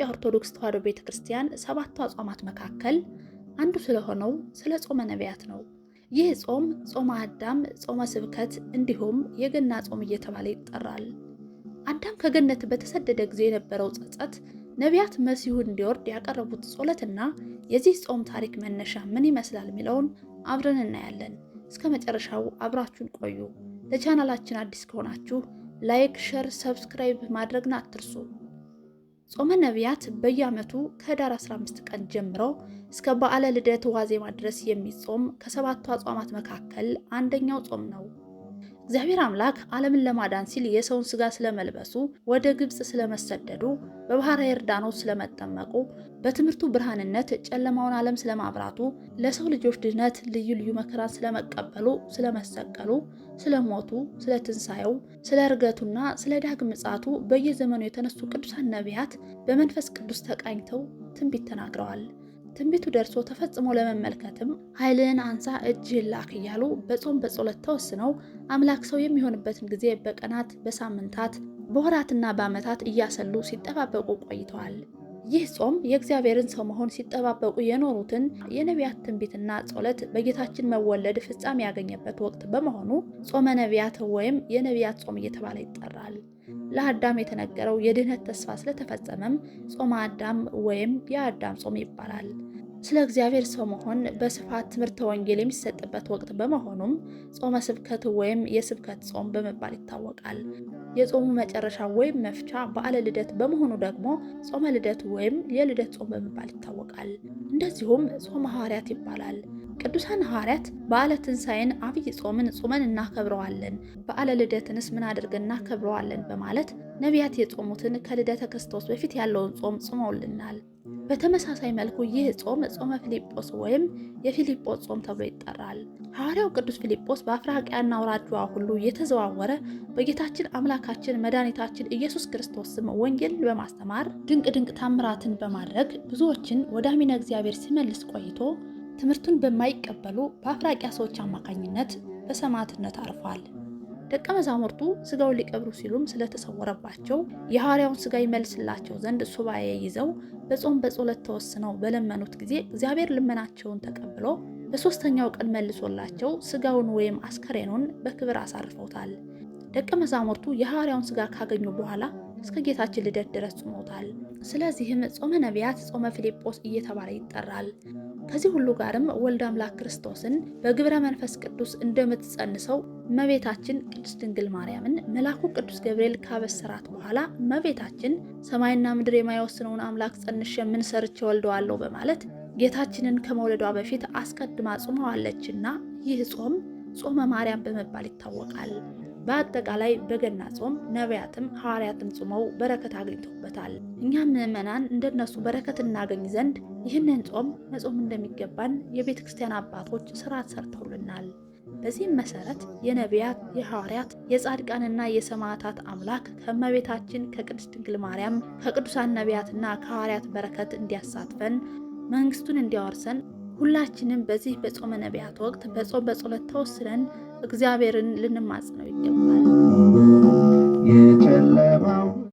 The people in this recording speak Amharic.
የኢትዮጵያ ኦርቶዶክስ ተዋሕዶ ቤተ ክርስቲያን ሰባቱ አጽዋማት መካከል አንዱ ስለሆነው ስለ ጾመ ነቢያት ነው። ይህ ጾም ጾመ አዳም፣ ጾመ ስብከት እንዲሁም የገና ጾም እየተባለ ይጠራል። አዳም ከገነት በተሰደደ ጊዜ የነበረው ጸጸት፣ ነቢያት መሲሁ እንዲወርድ ያቀረቡት ጸሎትና የዚህ ጾም ታሪክ መነሻ ምን ይመስላል የሚለውን አብረን እናያለን። እስከ መጨረሻው አብራችሁን ቆዩ። ለቻናላችን አዲስ ከሆናችሁ ላይክ፣ ሸር፣ ሰብስክራይብ ማድረግን አትርሱ። ጾመ ነቢያት በየዓመቱ ከህዳር 15 ቀን ጀምሮ እስከ በዓለ ልደት ዋዜማ ድረስ የሚጾም ከሰባቱ አጽዋማት መካከል አንደኛው ጾም ነው። እግዚአብሔር አምላክ ዓለምን ለማዳን ሲል የሰውን ስጋ ስለመልበሱ፣ ወደ ግብፅ ስለመሰደዱ፣ በባህረ ዮርዳኖስ ስለመጠመቁ፣ በትምህርቱ ብርሃንነት ጨለማውን ዓለም ስለማብራቱ፣ ለሰው ልጆች ድነት ልዩ ልዩ መከራን ስለመቀበሉ፣ ስለመሰቀሉ፣ ስለሞቱ፣ ስለ ትንሣኤው፣ ስለ እርገቱና ስለ ዳግም ምጽአቱ በየዘመኑ የተነሱ ቅዱሳን ነቢያት በመንፈስ ቅዱስ ተቃኝተው ትንቢት ተናግረዋል። ትንቢቱ ደርሶ ተፈጽሞ ለመመልከትም ኃይልን አንሳ እጅህን ላክ እያሉ በጾም በጸሎት ተወስነው አምላክ ሰው የሚሆንበትን ጊዜ በቀናት፣ በሳምንታት፣ በወራትና በዓመታት እያሰሉ ሲጠባበቁ ቆይተዋል። ይህ ጾም የእግዚአብሔርን ሰው መሆን ሲጠባበቁ የኖሩትን የነቢያት ትንቢትና ጸሎት በጌታችን መወለድ ፍጻሜ ያገኘበት ወቅት በመሆኑ ጾመ ነቢያት ወይም የነቢያት ጾም እየተባለ ይጠራል። ለአዳም የተነገረው የድህነት ተስፋ ስለተፈጸመም ጾመ አዳም ወይም የአዳም ጾም ይባላል። ስለ እግዚአብሔር ሰው መሆን በስፋት ትምህርተ ወንጌል የሚሰጥበት ወቅት በመሆኑም ጾመ ስብከት ወይም የስብከት ጾም በመባል ይታወቃል። የጾሙ መጨረሻ ወይም መፍቻ በዓለ ልደት በመሆኑ ደግሞ ጾመ ልደት ወይም የልደት ጾም በመባል ይታወቃል። እንደዚሁም ጾመ ሐዋርያት ይባላል። ቅዱሳን ሐዋርያት በዓለ ትንሣኤን አብይ ጾምን ጾመን እናከብረዋለን፣ በዓለ ልደትንስ ምን አድርግ እናከብረዋለን በማለት ነቢያት የጾሙትን ከልደተ ክርስቶስ በፊት ያለውን ጾም ጽመውልናል። በተመሳሳይ መልኩ ይህ ጾም ጾመ ፊልጶስ ወይም የፊልጶስ ጾም ተብሎ ይጠራል። ሐዋርያው ቅዱስ ፊልጶስ በአፍራቂያና አውራጇ ሁሉ የተዘዋወረ በጌታችን አምላካችን መድኃኒታችን ኢየሱስ ክርስቶስ ስም በማስተማር ድንቅ ድንቅ ታምራትን በማድረግ ብዙዎችን ወደ አሚነ እግዚአብሔር ሲመልስ ቆይቶ ትምህርቱን በማይቀበሉ በአፍራቂያ ሰዎች አማካኝነት በሰማዕትነት አርፏል። ደቀ መዛሙርቱ ስጋውን ሊቀብሩ ሲሉም ስለተሰወረባቸው የሐዋርያውን ስጋ ይመልስላቸው ዘንድ ሱባኤ ይዘው በጾም በጸሎት ተወስነው በለመኑት ጊዜ እግዚአብሔር ልመናቸውን ተቀብሎ በሦስተኛው ቀን መልሶላቸው ስጋውን ወይም አስከሬኑን በክብር አሳርፈውታል። ደቀ መዛሙርቱ የሐዋርያውን ስጋ ካገኙ በኋላ እስከ ጌታችን ልደት ድረስ ጾሞታል። ስለዚህም ጾመ ነቢያት፣ ጾመ ፊልጶስ እየተባለ ይጠራል። ከዚህ ሁሉ ጋርም ወልድ አምላክ ክርስቶስን በግብረ መንፈስ ቅዱስ እንደምትጸንሰው እመቤታችን ቅድስት ድንግል ማርያምን መልአኩ ቅዱስ ገብርኤል ካበሰራት በኋላ እመቤታችን ሰማይና ምድር የማይወስነውን አምላክ ጸንሼ ምን ሰርቼ ወልደዋለሁ በማለት ጌታችንን ከመውለዷ በፊት አስቀድማ ጾመዋለችና ይህ ጾም ጾመ ማርያም በመባል ይታወቃል። በአጠቃላይ በገና ጾም ነቢያትም ሐዋርያትም ጾመው በረከት አግኝተውበታል። እኛም ምዕመናን እንደነሱ በረከት እናገኝ ዘንድ ይህንን ጾም መጾም እንደሚገባን የቤተ ክርስቲያን አባቶች ስርዓት ሰርተውልናል። በዚህም መሰረት የነቢያት የሐዋርያት የጻድቃንና የሰማዕታት አምላክ ከእመቤታችን ከቅድስት ድንግል ማርያም ከቅዱሳን ነቢያትና ከሐዋርያት በረከት እንዲያሳትፈን መንግስቱን እንዲያወርሰን ሁላችንም በዚህ በጾመ ነቢያት ወቅት በጾም በጸሎት ተወስነን እግዚአብሔርን ልንማጽነው ይገባል።